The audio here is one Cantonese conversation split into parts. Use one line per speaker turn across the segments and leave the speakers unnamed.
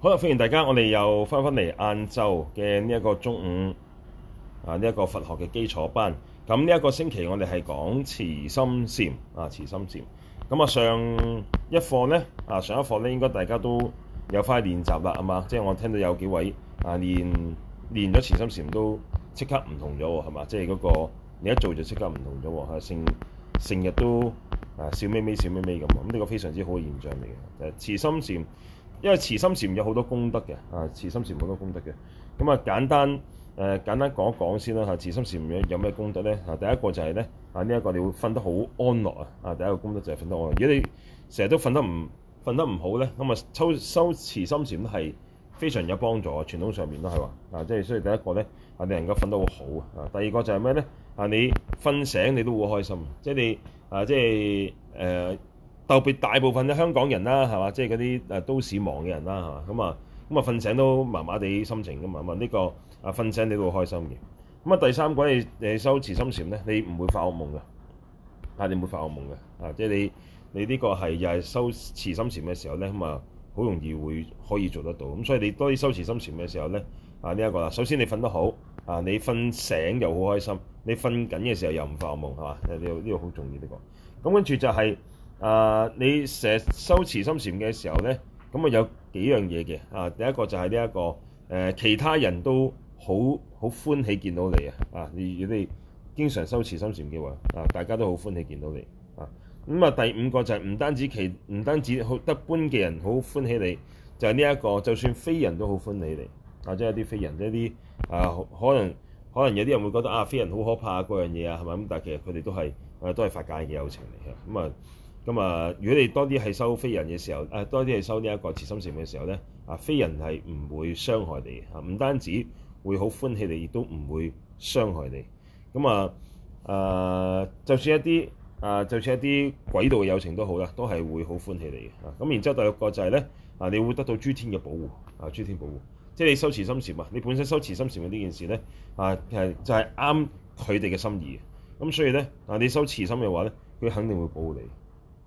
好啦，歡迎大家！我哋又翻返嚟晏晝嘅呢一個中午啊，呢一個佛學嘅基礎班。咁呢一個星期我哋係講慈心禪。啊，慈心禪咁啊，上一課咧啊，上一課咧應該大家都有翻去練習啦，係嘛？即係我聽到有幾位啊練練咗慈心禪都即刻唔同咗，係嘛？即係嗰個你一做就即刻唔同咗，係成成日都啊笑眯眯笑眯眯咁咁呢個非常之好嘅現象嚟嘅，就係慈心禪。因為慈心禪有好多功德嘅，啊，慈心禪好多功德嘅，咁、嗯、啊簡單誒、呃、簡單講一講先啦嚇，慈心禪有咩功德咧？啊，第一個就係、是、咧啊呢一、這個你會瞓得好安樂啊，啊第一個功德就係瞓得安樂。如果你成日都瞓得唔瞓得唔好咧，咁啊抽修慈心禪係非常有幫助嘅，傳統上面都係話，啊即係所以第一個咧啊你能夠瞓得好好啊，第二個就係咩咧？啊你瞓醒你都會開心嘅，即係啊即係誒。呃特別大部分嘅香港人啦，係嘛，即係嗰啲誒都市忙嘅人啦，嚇咁啊咁啊，瞓醒都麻麻地心情咁啊嘛。呢個啊瞓醒你會開心嘅咁啊。第三個你你修持心禪咧，你唔會發惡夢嘅，係你唔會發惡夢嘅啊。即係你你呢個係又係修持心禪嘅時候咧，咁啊好容易會可以做得到。咁所以你多啲修持心禪嘅時候咧啊，呢一個啦，首先你瞓得好啊，你瞓醒又好開心，你瞓緊嘅時候又唔發惡夢係嘛？呢呢個好重要呢個咁跟住就係。啊！你成日修慈心禪嘅時候咧，咁、嗯、啊有幾樣嘢嘅啊。第一個就係呢一個誒、呃，其他人都好好歡喜見到你啊！啊，你你經常修慈心禪嘅話，啊，大家都好歡喜見到你啊。咁、嗯、啊，第五個就係唔單止其唔單止好得般嘅人好歡喜你，就係呢一個，就算非人都好歡喜你啊！即一啲非人，即啲啊可能可能有啲人會覺得啊，非人好可怕啊，嗰樣嘢啊，係咪咁？但係其實佢哋都係誒都係法界嘅有情嚟嘅咁啊。嗯咁啊、嗯！如果你多啲係收非人嘅時候，誒、啊、多啲係收呢一個慈心禪嘅時候咧，啊非人係唔會傷害你嚇，唔單止會好歡喜你，亦都唔會傷害你。咁啊誒，就算一啲誒、啊，就算一啲軌道嘅友情都好啦，都係會好歡喜你嘅。咁然之後第六個就係咧啊，你會得到諸天嘅保護啊，諸天保護，即係你收慈心禪啊。你本身收慈心禪嘅呢件事咧啊，係就係啱佢哋嘅心意咁、啊、所以咧啊，你收慈心嘅話咧，佢肯定會保護你。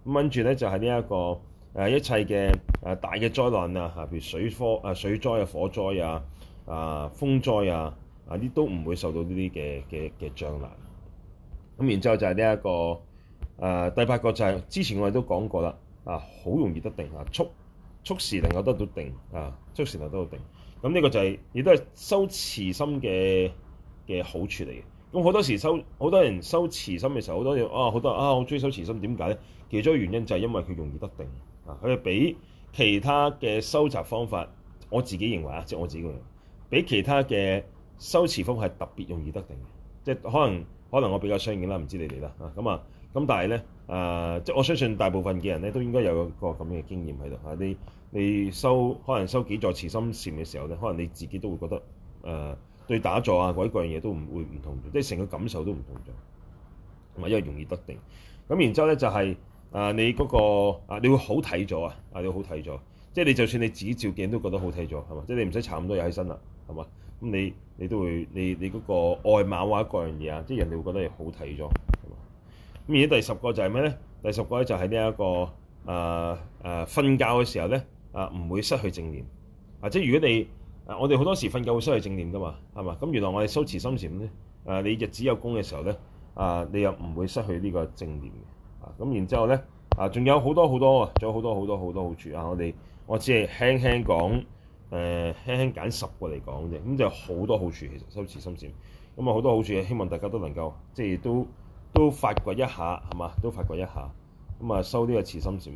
咁跟住咧就係呢一個誒一切嘅誒大嘅災難啊，嚇，譬如水災啊、水災啊、火災啊、啊風災啊，啊啲都唔會受到呢啲嘅嘅嘅障難。咁然之後就係呢一個誒、啊、第八個就係、是、之前我哋都講過啦，啊好容易得定，速速得定啊，速速時能夠得到定啊，速時能夠得到定。咁呢個就係、是、亦都係修慈心嘅嘅好處嚟嘅。咁好多時收好多人收慈心嘅時候，好多嘢啊，好多啊，我鍾意收慈心點解咧？其中一個原因就係因為佢容易得定啊！佢比其他嘅收集方法，我自己認為啊，即係我自己嘅，比其他嘅收慈方法係特別容易得定嘅。即係可能可能我比較相應啦，唔知你哋啦啊咁啊咁，但係咧誒，即係我相信大部分嘅人咧，都應該有一個咁嘅經驗喺度啊！你你收可能收幾座慈心禪嘅時候咧，可能你自己都會覺得誒。啊對打坐啊，嗰啲各樣嘢都唔會唔同咗，即係成個感受都唔同咗，同埋因為容易得定。咁然之後咧就係、是、誒、呃、你嗰、那個啊，你會好睇咗啊，啊你會好睇咗，即係你就算你自己照鏡都覺得好睇咗，係嘛？即係你唔使搽咁多嘢喺身啦，係嘛？咁你你都會你你嗰個外貌啊各樣嘢啊，即係人哋會覺得你好睇咗。咁而家第十個就係咩咧？第十個咧就係呢一個誒誒瞓覺嘅時候咧，啊、呃、唔會失去正念，或、啊、者如果你。啊！我哋好多時瞓覺會失去正念噶嘛，係嘛？咁原來我哋修持心禪咧，啊、呃！你日子有功嘅時候咧、呃，啊！你又唔會失去呢個正念嘅。啊！咁然之後咧，啊！仲有好多好多啊，仲有好多好多好多好處啊！我哋我只係輕輕講，誒輕輕揀十個嚟講啫。咁就好多好處其實修持心禪，咁啊好多好處希望大家都能夠即係、就是、都都發掘一下，係嘛？都發掘一下。咁啊，修呢個慈心禪。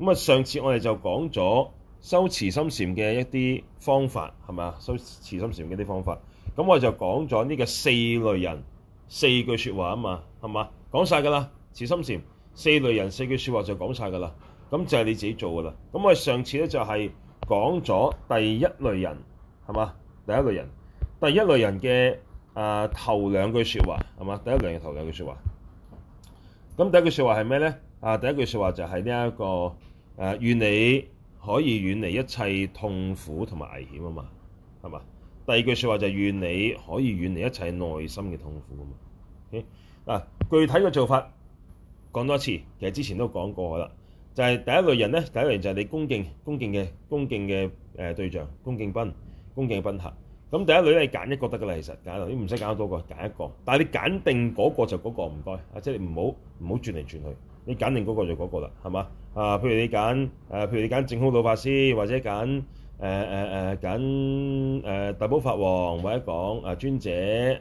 咁啊，上次我哋就講咗。修慈心禪嘅一啲方法係咪啊？修慈心禪嘅一啲方法，咁我就講咗呢個四類人四句説話啊嘛，係嘛講晒㗎啦。慈心禪，四類人四句説話就講晒㗎啦。咁就係你自己做㗎啦。咁我上次咧就係、是、講咗第一類人係嘛第一類人第一類人嘅啊、呃、頭兩句説話係嘛第一類人頭兩句説話。咁第一句説話係咩咧？啊、呃、第一句説話就係呢一個誒、呃、願你。可以遠離一切痛苦同埋危險啊嘛，係嘛？第二句説話就係願你可以遠離一切內心嘅痛苦，okay? 啊嘛。嗱，具體嘅做法講多次，其實之前都講過啦。就係、是、第一類人咧，第一類人就係你恭敬恭敬嘅恭敬嘅誒對象，恭敬賓，恭敬賓客。咁第一類咧，揀一個得㗎啦，其實揀，唔使揀多個，揀一個。但係你揀定嗰個就嗰、那個唔該、那個，即係你唔好唔好轉嚟轉去。你揀定嗰個就嗰個啦，係嘛？啊，譬如你揀誒、呃，譬如你揀淨空老法師，或者揀誒誒誒揀誒大寶法王，或者講誒、啊、尊者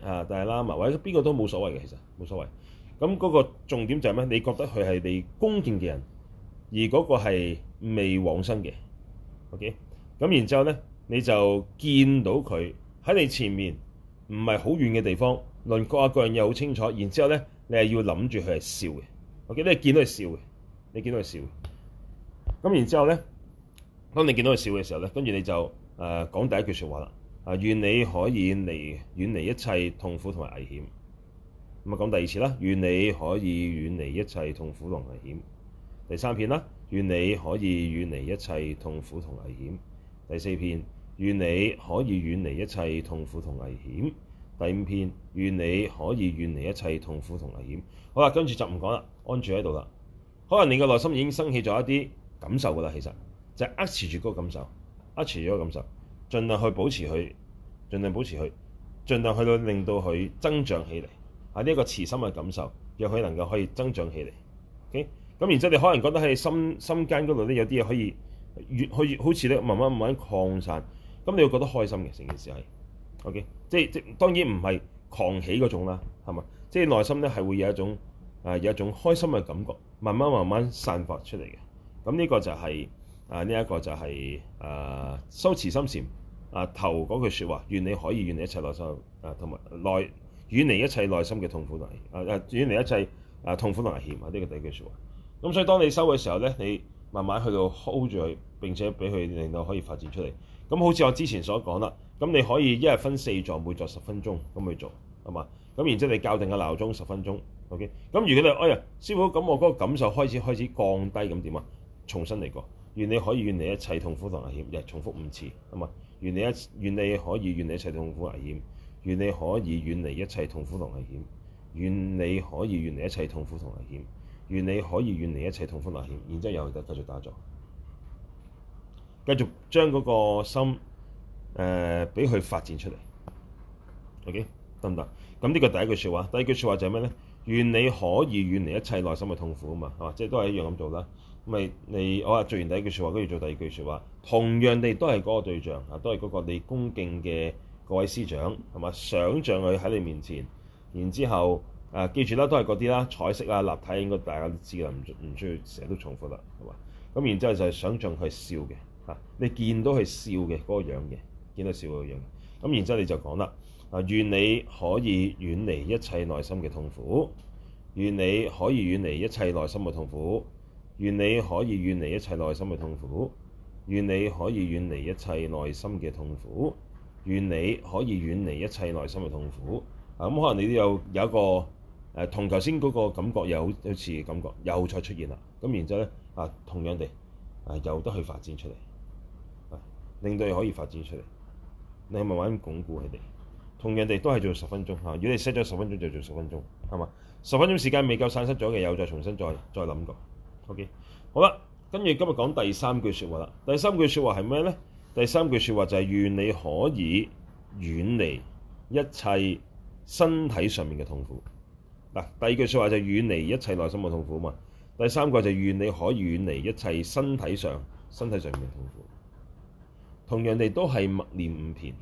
啊、大喇嘛，或者邊個都冇所謂嘅，其實冇所謂。咁嗰個重點就係、是、咩？你覺得佢係你恭敬嘅人，而嗰個係未往生嘅。OK，咁然之後咧，你就見到佢喺你前面，唔係好遠嘅地方，輪廓啊、一個人又好清楚。然之後咧，你係要諗住佢係笑嘅。我見、okay，你見到佢笑嘅，你見到佢笑咁，然之後咧，當你見到佢笑嘅時候咧，跟住你就誒、呃、講第一句說話啦。啊，願你可以離遠離一切痛苦同埋危險。咁啊，講第二次啦，願你可以遠離一切痛苦同危險。第三遍啦，願你可以遠離一切痛苦同危險。第四遍，願你可以遠離一切痛苦同危險。第五遍，願你可以遠離一切痛苦同危險。好啦，跟住就唔講啦。安住喺度啦，可能你嘅內心已經升起咗一啲感受噶啦，其實就係壓持住嗰個感受，壓持住個感受，盡量去保持佢，盡量保持佢，盡量去到令到佢增長起嚟。啊，呢一個慈心嘅感受，讓佢能夠可以增長起嚟，OK，咁然之後你可能覺得喺心心間嗰度咧有啲嘢可以越去好似咧慢慢慢慢擴散，咁你會覺得開心嘅成件事係，OK，即係即係當然唔係狂喜嗰種啦，係咪？即係內心咧係會有一種。啊，有一種開心嘅感覺，慢慢慢慢散發出嚟嘅。咁、嗯、呢、這個就係、是、啊，呢、這、一個就係、是、啊，修慈心禪啊，頭嗰句説話，願你可以遠離一切內心啊，同埋內遠離一切內心嘅痛苦危啊啊，遠、啊、離一切啊痛苦同危險啊呢個第一句説話。咁、嗯、所以當你收嘅時候咧，你慢慢去到 hold 住佢，並且俾佢令到可以發展出嚟。咁好似我之前所講啦，咁你可以一日分四座，每座十分鐘咁去做，係嘛？咁然之後你校定個鬧鐘十分鐘。O K，咁如果你哎呀，師傅咁，我嗰個感受開始開始降低咁點啊？重新嚟過，願你可以遠離一切痛苦同危險，又重複五次，唔係願你一，願你可以遠離一切痛苦危險，願你可以遠離一切痛苦同危險，願你可以遠離一切痛苦同危險，願你可以遠離一切痛苦同危險，然之後又繼續打坐，繼續將嗰個心誒俾佢發展出嚟。O K，得唔得？咁呢個第一句説話，第一句説話就係咩咧？願你可以遠離一切內心嘅痛苦啊嘛，係嘛？即係都係一樣咁做啦。咪你我話做完第一句説話，跟住做第二句説話，同樣地都係嗰個對象啊，都係嗰個你恭敬嘅各位師長，係嘛？想像佢喺你面前，然之後啊記住啦，都係嗰啲啦，彩色啊、立體啊，應該大家都知啦，唔唔需要成日都重複啦，係嘛？咁然之後就係想像佢笑嘅嚇，你見到佢笑嘅嗰個樣嘅，見到笑嗰個樣。咁然之後你就講啦。啊！願你可以遠離一切內心嘅痛苦。願你可以遠離一切內心嘅痛苦。願你可以遠離一切內心嘅痛苦。願你可以遠離一切內心嘅痛苦。願你可以遠離一切內心嘅痛苦。啊！咁、嗯、可能你都有有一個誒，同頭先嗰個感覺有好似嘅感覺又再出現啦。咁然之後咧啊，同樣地啊，又得去發展出嚟啊，令到你可以發展出嚟，啊、你慢慢鞏固佢哋。同樣人哋都係做十分鐘嚇，如果你 set 咗十分鐘就做十分鐘，係嘛？十分鐘時間未夠散失咗嘅，又再重新再再諗過。OK，好啦，跟住今日講第三句説話啦。第三句説話係咩咧？第三句説話就係願你可以遠離一切身體上面嘅痛苦。嗱，第二句説話就遠離一切內心嘅痛苦嘛。第三個就願你可以遠離一切身體上身體上面嘅痛苦。同樣人哋都係默念五遍。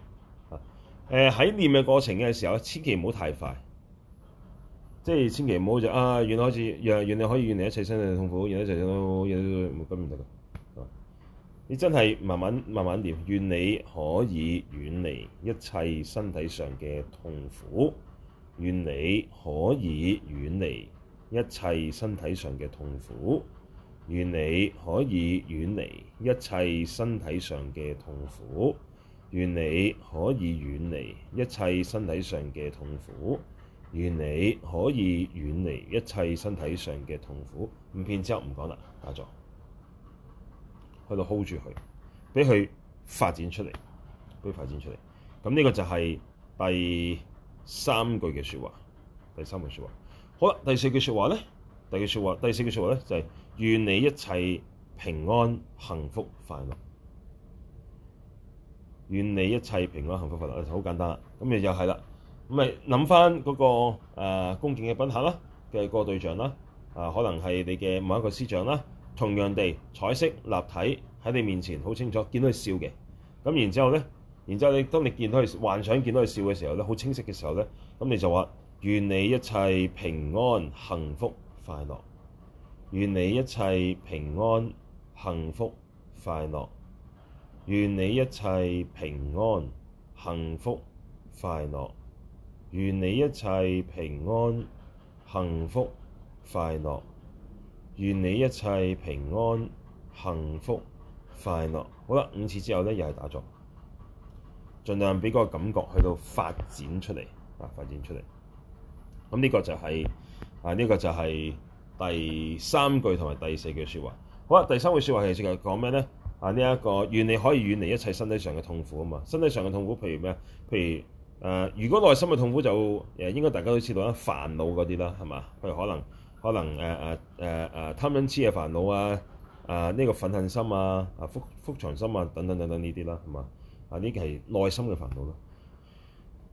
誒，喺念嘅過程嘅時候，千祈唔好太快，即係千祈唔好就啊，願開始，願願你可以遠離一切身體嘅痛苦，遠離一切都都唔得㗎。你真係慢慢慢慢唸，願你可以遠離一切身體上嘅痛苦，願你可以遠離一切身體上嘅痛苦，願你可以遠離一切身體上嘅痛苦。願你可以遠離一切身體上嘅痛苦，願你可以遠離一切身體上嘅痛苦。五遍之後唔講啦，打坐喺度 hold 住佢，俾佢發展出嚟，俾佢發展出嚟。咁呢個就係第三句嘅説話，第三句説話。好啦，第四句説話咧，第四句説話，第四句説話咧就係願你一切平安、幸福、快樂。願你一切平安幸福快樂，就好簡單啦。咁咪、嗯、又係啦，咁咪諗翻嗰個誒恭敬嘅賓客啦，嘅個對象啦，啊，可能係你嘅某一個師長啦，同樣地彩色立體喺你面前好清楚，見到佢笑嘅。咁然之後咧，然之後你當你見到佢幻想見到佢笑嘅時候咧，好清晰嘅時候咧，咁你就話願你一切平安幸福快樂，願你一切平安幸福快樂，願你一切平安、幸福、快樂。願你一切平安、幸福、快樂。願你一切平安、幸福、快樂。好啦，五次之後咧，又係打坐盡量畀個感覺去到發展出嚟啊！發展出嚟。咁呢個就係啊，呢個就係第三句同埋第四句說話。好啦，第三句說話其實係講咩咧？啊！呢、這、一個願你可以遠離一切身體上嘅痛苦啊嘛！身體上嘅痛苦，譬如咩？譬如誒，如果內心嘅痛苦就誒，應該大家都知道啦，煩惱嗰啲啦，係嘛？譬如可能可能誒誒誒誒貪嗔痴嘅煩惱啊！啊呢個憤恨心啊、啊覆覆藏心啊等等等等呢啲啦，係嘛？啊呢個係內心嘅煩惱咯。誒、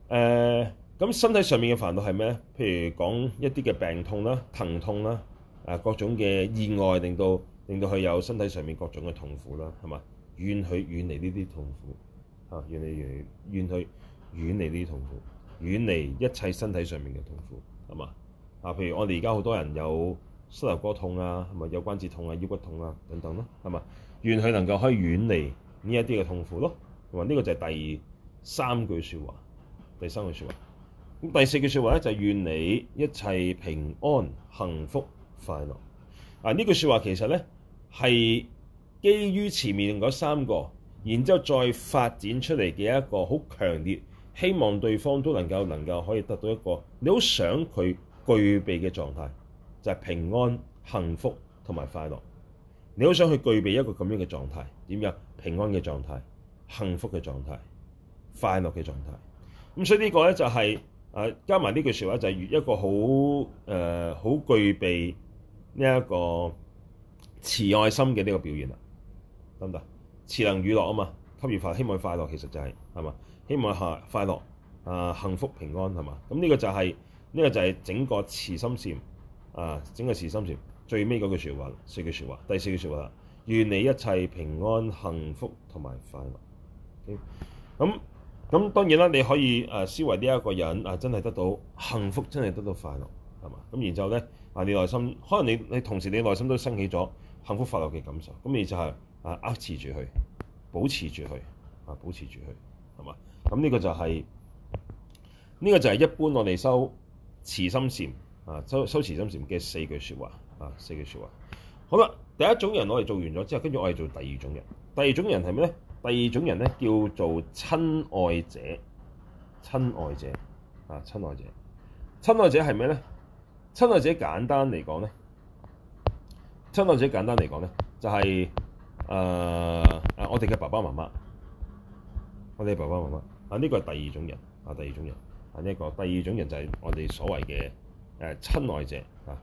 呃，咁、嗯、身體上面嘅煩惱係咩？譬如講一啲嘅病痛啦、疼痛啦、啊、啊各種嘅意外令到。令到佢有身體上面各種嘅痛苦啦，係嘛？願佢遠離呢啲痛苦，嚇遠離、啊、遠離，願佢遠離呢啲痛苦，遠離一切身體上面嘅痛苦，係嘛？啊，譬如我哋而家好多人有膝頭哥痛啊，係咪有關節痛啊、腰骨痛啊等等咯、啊，係嘛？願佢能夠可以遠離呢一啲嘅痛苦咯，同埋呢個就係第三句説話，第三句説話。咁第四句説話咧就係、是、願你一切平安、幸福、快樂。啊，呢句説話其實咧～係基於前面嗰三個，然之後再發展出嚟嘅一個好強烈，希望對方都能夠能夠可以得到一個你好想佢具備嘅狀態，就係、是、平安、幸福同埋快樂。你好想去具備一個咁樣嘅狀態，點樣？平安嘅狀態、幸福嘅狀態、快樂嘅狀態。咁所以呢個呢、就是，就係誒加埋呢句説話，就係一個好誒好具備呢一個。慈愛心嘅呢個表現啦，得唔得？慈能與樂啊嘛，給予快、就是，希望快樂其實就係係嘛，希望下快樂啊幸福平安係嘛，咁呢個就係、是、呢、這個就係整個慈心禪啊、呃，整個慈心禪最尾嗰句説話，四句説話，第四句説話啦，願你一切平安幸福同埋快樂。咁咁當然啦，你可以誒思維呢一個人啊，真係得到幸福，真係得到快樂係嘛，咁然之後咧啊，你內心可能你你同時你內心都升起咗。幸福快樂嘅感受，咁你就係啊，堅持住佢，保持住佢，啊，保持住佢，係嘛？咁呢個就係，呢個就係一般我哋修慈心禪啊，修修慈心禪嘅四句説話啊，四句説話。好啦，第一種人我哋做完咗之後，跟住我哋做第二種人。第二種人係咩咧？第二種人咧叫做親愛者，親愛者啊，親愛者，親愛者係咩咧？親愛者簡單嚟講咧。親愛者簡單嚟講咧，就係誒誒，我哋嘅爸爸媽媽，我哋爸爸媽媽啊，呢個係第二種人啊，第二種人啊，呢個第二種人就係我哋所謂嘅誒親愛者啊。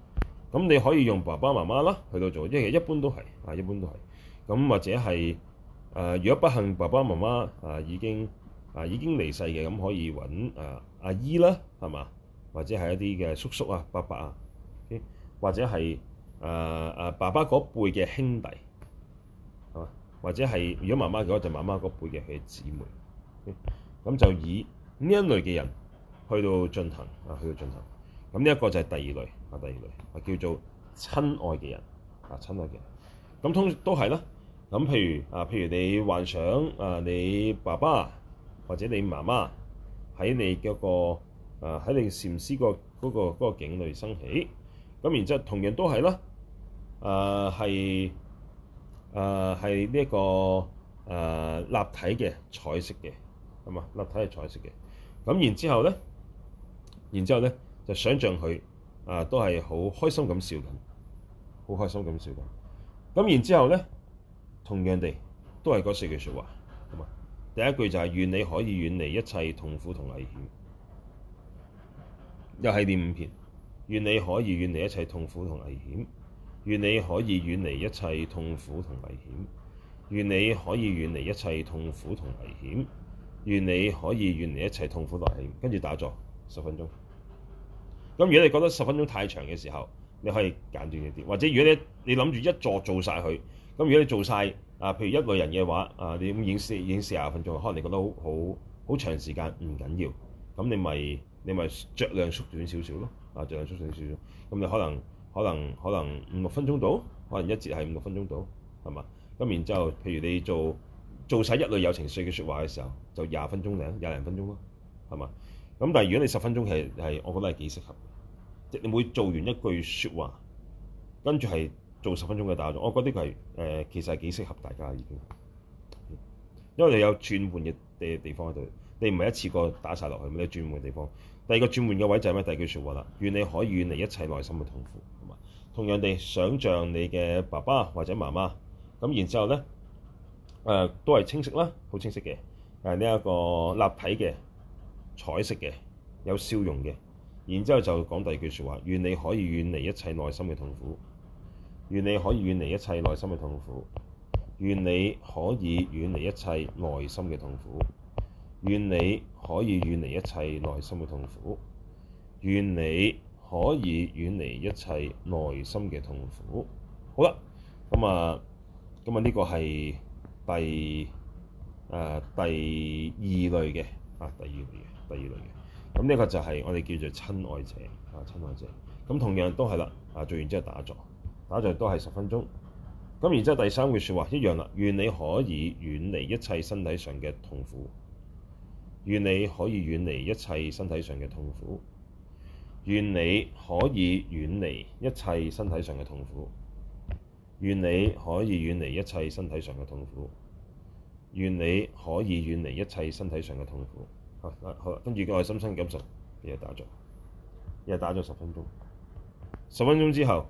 咁你可以用爸爸媽媽啦，去到做，因為一般都係啊，一般都係咁、啊，或者係誒、啊，如果不幸爸爸媽媽啊已經啊已經離世嘅，咁可以揾、啊、阿姨啦，係嘛，或者係一啲嘅叔叔啊、伯伯啊，或者係。誒誒、啊啊，爸爸嗰輩嘅兄弟，係嘛？或者係如果媽媽嘅話，就是、媽媽嗰輩嘅佢姊妹。咁、嗯、就以呢一類嘅人去到進行。啊去到盡頭。咁呢一個就係第二類，啊第二類，啊叫做親愛嘅人，啊親愛嘅人。咁通都係啦。咁譬如啊，譬如你幻想啊，你爸爸或者你媽媽喺你嘅、嗰個喺、啊、你禪師、嗰個嗰、嗰個、嗰個嗰個境裏生起。咁然之後同樣都係啦。誒係誒係呢一個誒、呃、立體嘅彩色嘅，咁啊立體係彩色嘅。咁然之後咧，然之後咧就想像佢誒都係好開心咁笑緊，好開心咁笑緊。咁然之後咧，同樣地都係嗰四句説話。咁啊，第一句就係、是、願你可以遠離一切痛苦同危險。又係念五遍：「願你可以遠離一切痛苦同危險。願你可以遠離一切痛苦同危險，願你可以遠離一切痛苦同危險，願你可以遠離一切痛苦同危險。跟住打坐十分鐘。咁如果你覺得十分鐘太長嘅時候，你可以簡短一啲，或者如果你你諗住一坐做晒佢，咁如果你做晒，啊，譬如一個人嘅話啊，你咁演四演四十分鐘，可能你覺得好好好長時間唔緊要，咁你咪你咪酌量縮短少少咯，啊，酌量縮短少少，咁你可能。可能可能五六分鐘到，可能一節係五六分鐘到，係嘛？咁然之後，譬如你做做晒一類有情緒嘅説話嘅時候，就廿分鐘零，廿零分鐘咯，係嘛？咁但係如果你十分鐘，其實係我覺得係幾適合。即你每做完一句説話，跟住係做十分鐘嘅打坐，我覺得佢係誒其實係幾適合大家已經，因為你有轉換嘅嘅地方喺度。你唔係一次過打晒落去，你轉換嘅地方。第二個轉換嘅位就係咩？第二句説話啦，願你可以遠離一切內心嘅痛苦。同樣地想像你嘅爸爸或者媽媽，咁然之後咧，誒、呃、都係清晰啦，好清晰嘅，誒呢一個立體嘅、彩色嘅、有笑容嘅，然之後就講第二句説話：願你可以遠離一切內心嘅痛苦；願你可以遠離一切內心嘅痛苦；願你可以遠離一切內心嘅痛苦；願你可以遠離一切內心嘅痛苦；願你。可以遠離一切內心嘅痛苦。好啦，咁啊，咁啊，呢、這個係第誒、呃、第二類嘅啊，第二類嘅第二類嘅。咁呢個就係我哋叫做親愛者啊，親愛者。咁、啊、同樣都係啦，啊做完之後打坐，打坐都係十分鐘。咁、啊、然之後第三句説話一樣啦，願你可以遠離一切身體上嘅痛苦，願你可以遠離一切身體上嘅痛苦。願你可以遠離一切身體上嘅痛苦。願你可以遠離一切身體上嘅痛苦。願你可以遠離一切身體上嘅痛苦。好啦，好啦，跟住嘅內心深感受，又打咗，又打咗十分鐘。十分鐘之後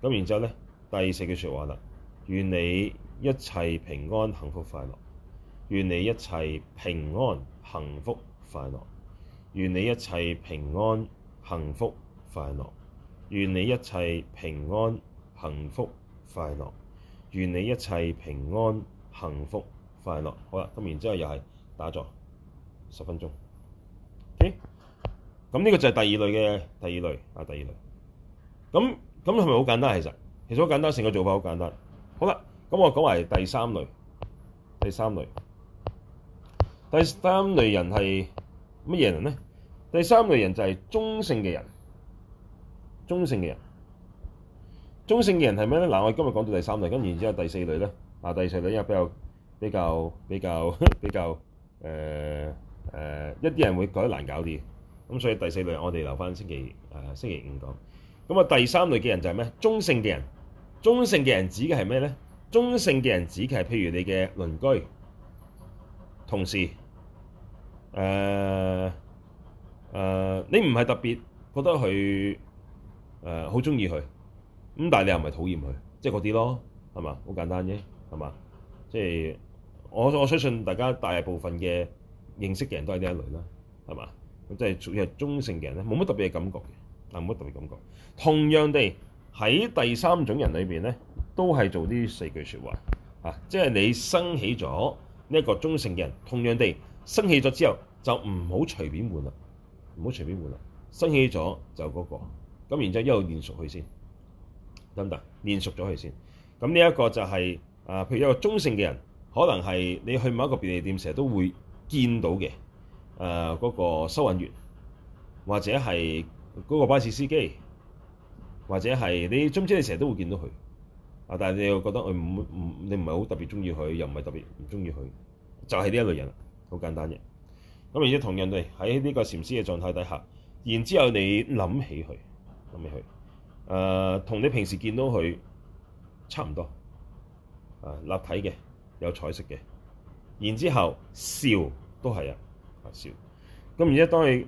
咁，然之後咧，第四句説話啦。願你一切平安、幸福、快樂。願你一切平安、幸福、快樂。願你一切平安，幸福快樂，願你一切平安幸福快樂，願你一切平安幸福快樂。好啦，咁然之後又係打坐十分鐘。咁、okay? 呢、嗯這個就係第二類嘅第二類啊，第二類。咁咁係咪好簡單？其實其實好簡單，成個做法好簡單。好啦，咁、嗯、我講埋第，第三類，第三類，第三類人係乜嘢人呢？第三類人就係中性嘅人，中性嘅人，中性嘅人係咩咧？嗱，我今日講到第三類，跟然之後第四類咧，啊，第四類因為比較比較比較比較誒誒，一啲人會覺得難搞啲，咁所以第四類我哋留返星期誒、呃、星期五講。咁啊，第三類嘅人就係咩？中性嘅人，中性嘅人指嘅係咩咧？中性嘅人指嘅係譬如你嘅鄰居、同事，誒、呃。誒、呃，你唔係特別覺得佢誒好中意佢咁，但係你又唔係討厭佢，就是，即係嗰啲咯，係嘛？好簡單啫，係嘛？即係我我相信大家大部分嘅認識嘅人都係呢一類啦，係嘛？咁即係屬於係中性嘅人咧，冇乜特別嘅感覺嘅，但冇乜特別感覺。同樣地喺第三種人裏邊咧，都係做啲四句説話啊，即係你生起咗呢一個中性嘅人，同樣地生起咗之後就唔好隨便換啦。唔好隨便換啊！生起咗就嗰個，咁然之後一路練熟佢先，得唔得？練熟咗佢先，咁呢一個就係啊，譬如一個中性嘅人，可能係你去某一個便利店成日都會見到嘅，誒嗰個收銀員，或者係嗰個巴士司機，或者係你總之你成日都會見到佢，啊！但係你又覺得佢唔唔，你唔係好特別中意佢，又唔係特別唔中意佢，就係呢一類人好簡單嘅。咁，而且同樣地喺呢個禪師嘅狀態底下，然之後你諗起佢，諗起佢，誒、呃，同你平時見到佢差唔多、呃，立體嘅，有彩色嘅，然之後笑都係啊，啊笑。咁而且當你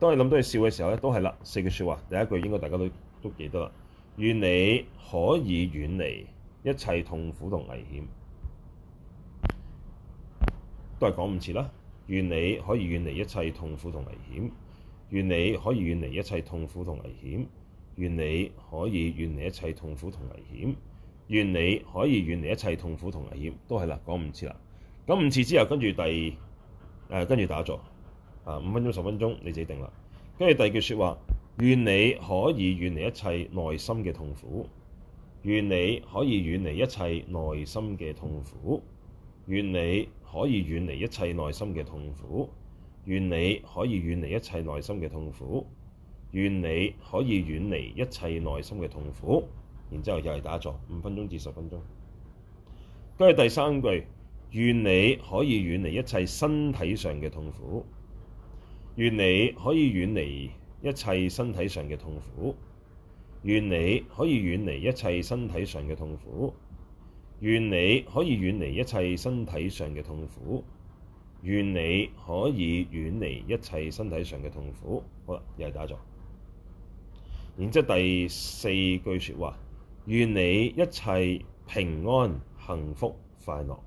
當你諗到佢笑嘅時候咧，都係啦，四句説話，第一句應該大家都都記得啦，願你可以遠離一切痛苦同危險，都係講唔切啦。願你可以遠離一切痛苦同危險，願你可以遠離一切痛苦同危險，願你可以遠離一切痛苦同危險，願你可以遠離一切痛苦同危險，都係啦，講五次啦。咁五次之後，跟住第誒跟住打坐、呃，五分鐘、十分鐘你自己定啦。跟住第二句說話，願你可以遠離一切內心嘅痛苦，願你可以遠離一切內心嘅痛苦。願你可以遠離一切內心嘅痛苦，願你可以遠離一切內心嘅痛苦，願你可以遠離一切內心嘅痛苦。然之後又嚟打坐五分鐘至十分鐘。跟住第三句，願你可以遠離一切身體上嘅痛苦，願你可以遠離一切身體上嘅痛苦，願你可以遠離一切身體上嘅痛苦。願你可以遠離一切身體上嘅痛苦，願你可以遠離一切身體上嘅痛苦。好啦，又係打坐。然之後第四句説話：願你一切平安幸福快樂。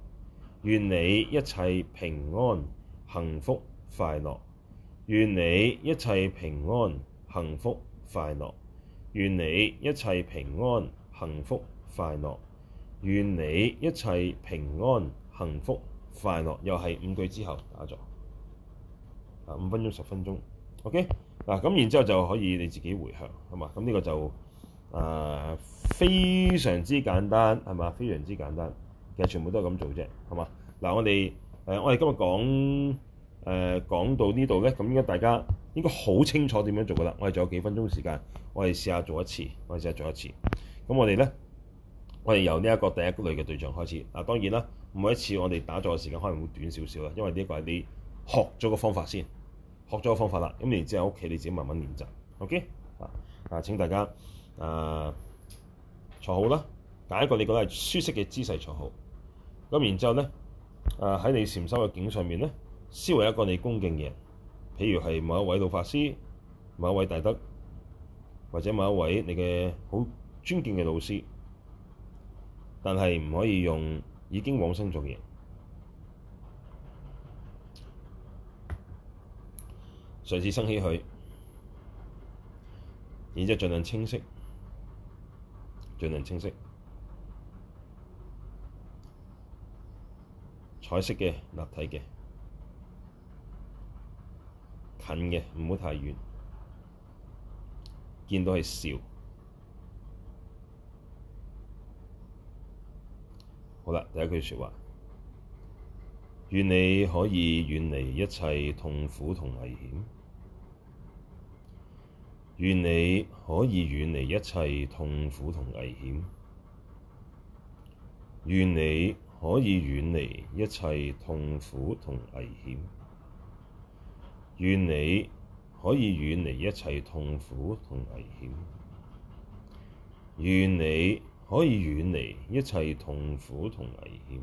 願你一切平安幸福快樂。願你一切平安幸福快樂。願你一切平安幸福快樂。願你一切平安、幸福、快樂，又係五句之後打坐，啊，五分鐘、十分鐘，OK 嗱咁，然之後就可以你自己回向，係嘛？咁、這、呢個就啊、呃、非常之簡單，係嘛？非常之簡單，其實全部都係咁做啫，係嘛？嗱，我哋誒、呃、我哋今日講誒講到呢度咧，咁應該大家應該好清楚點樣做噶啦。我哋仲有幾分鐘時間，我哋試下做一次，我哋試下做一次，咁我哋咧。我哋由呢一個第一個類嘅對象開始。嗱，當然啦，每一次我哋打坐嘅時間可能會短少少啦，因為呢一個係你學咗個方法先，學咗個方法啦，咁然之後屋企你自己慢慢練習。OK 啊啊！請大家啊坐好啦，揀一個你覺得係舒適嘅姿勢坐好。咁然之後咧啊，喺你禪修嘅景上面咧，思維一個你恭敬嘅人，譬如係某一位老法師、某一位大德，或者某一位你嘅好尊敬嘅老師。但係唔可以用已經往生做嘢，上次升起佢，然之後盡量清晰，盡量清晰，彩色嘅、立體嘅、近嘅，唔好太遠，見到係笑。好啦，第一句說話，願你可以遠離一切痛苦同危險。願你可以遠離一切痛苦同危險。願你可以遠離一切痛苦同危險。願你可以遠離一切痛苦同危險。願你。可以遠離一切痛苦同危險。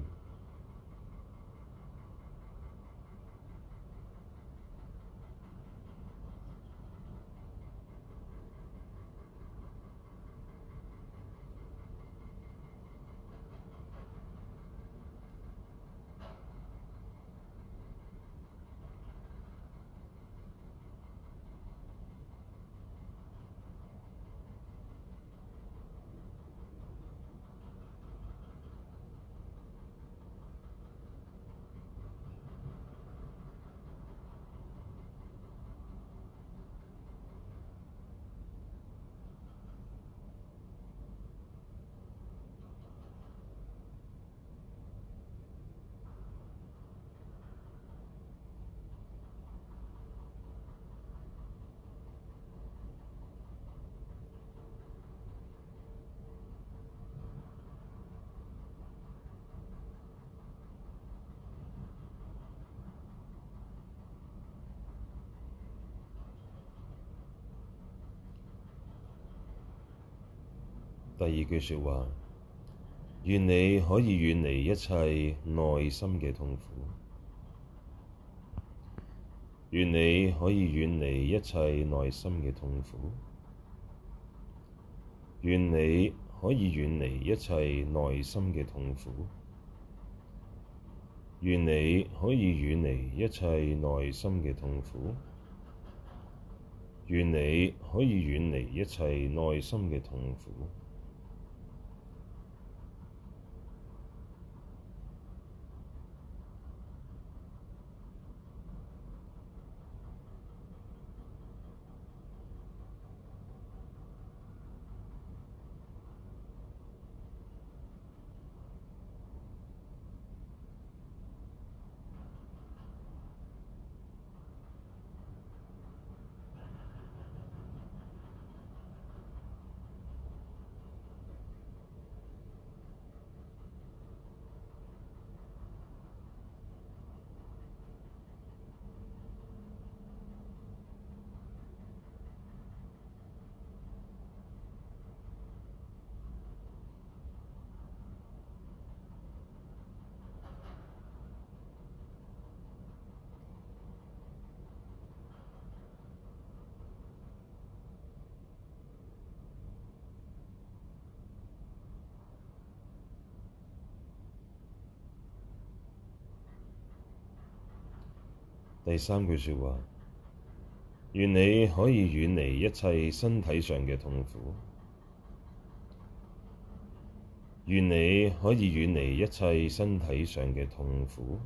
第二句説話：願你可以遠離一切內心嘅痛苦。願你可以遠離一切內心嘅痛苦。願你可以遠離一切內心嘅痛苦。願你可以遠離一切內心嘅痛苦。願你可以遠離一切內心嘅痛苦。第三句説話：願你可以遠離一切身體上嘅痛苦。願你可以遠離一切身體上嘅痛苦。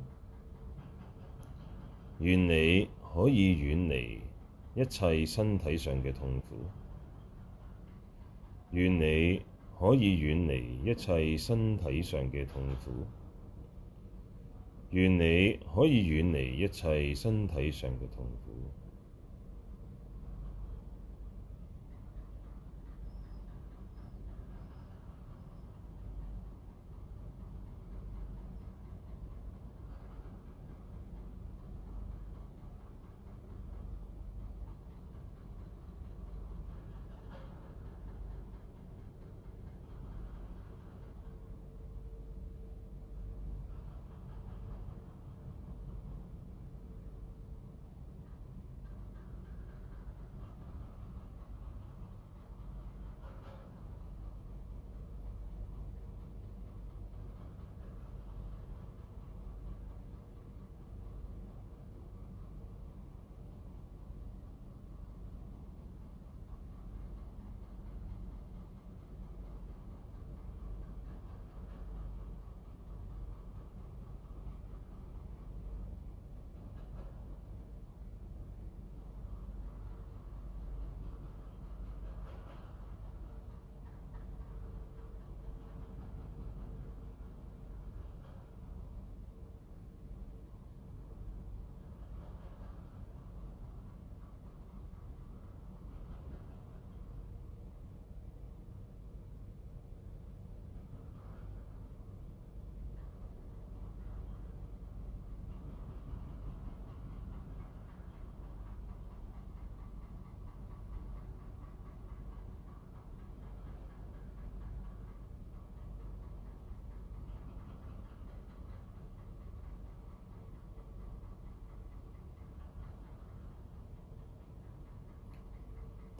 願你可以遠離一切身體上嘅痛苦。願你可以遠離一切身體上嘅痛苦。願你可以遠離一切身體上嘅痛苦。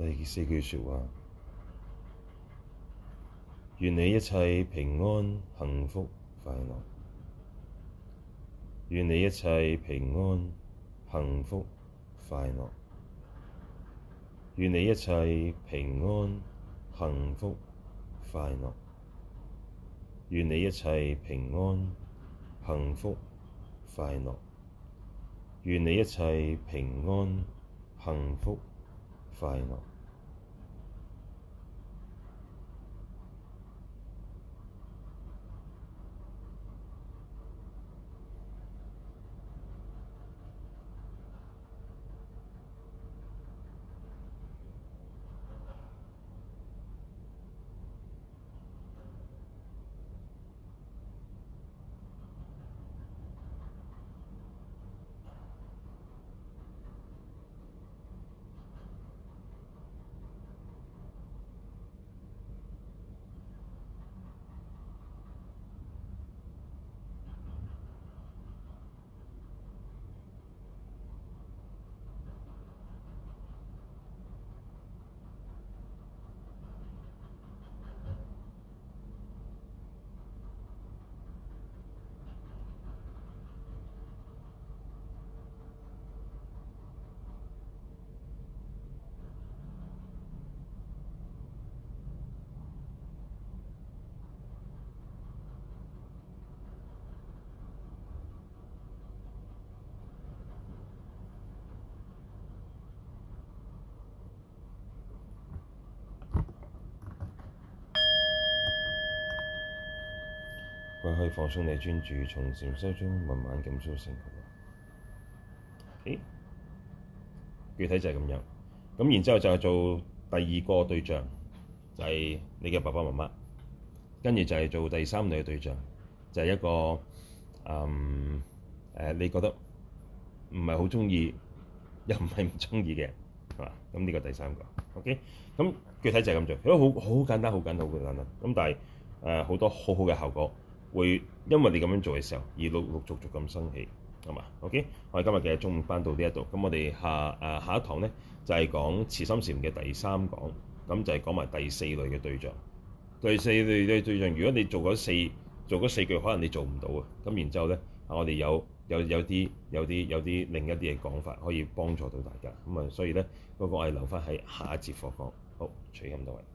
第四句説話：願你一切平安幸福快樂。願你一切平安幸福快樂。願你一切平安幸福快樂。願你一切平安幸福快樂。願你一切平安幸福快樂。可以放鬆你專注，從潛收禪修中慢慢減少成。誒，okay. 具體就係咁樣。咁然之後就係做第二個對象，就係、是、你嘅爸爸媽媽。跟住就係做第三類嘅對象，就係、是、一個嗯誒、呃，你覺得唔係好鍾意，又唔係唔鍾意嘅，係嘛？咁呢個第三個。OK，咁具體就係咁做，都好好簡單，好簡單。咁但係誒、呃、好多好好嘅效果。會因為你咁樣做嘅時候而陸陸續續咁生氣，係嘛？OK，我哋今日嘅中午班到呢一度，咁我哋下誒下一堂咧就係、是、講慈心禪嘅第三講，咁就係講埋第四類嘅對象。第四類對對象，如果你做嗰四做嗰四句，可能你做唔到啊。咁然之後咧，我哋有有有啲有啲有啲另一啲嘅講法，可以幫助到大家咁啊。所以咧，嗰、那個我係留翻喺下一節課講，好，取咁多位啊。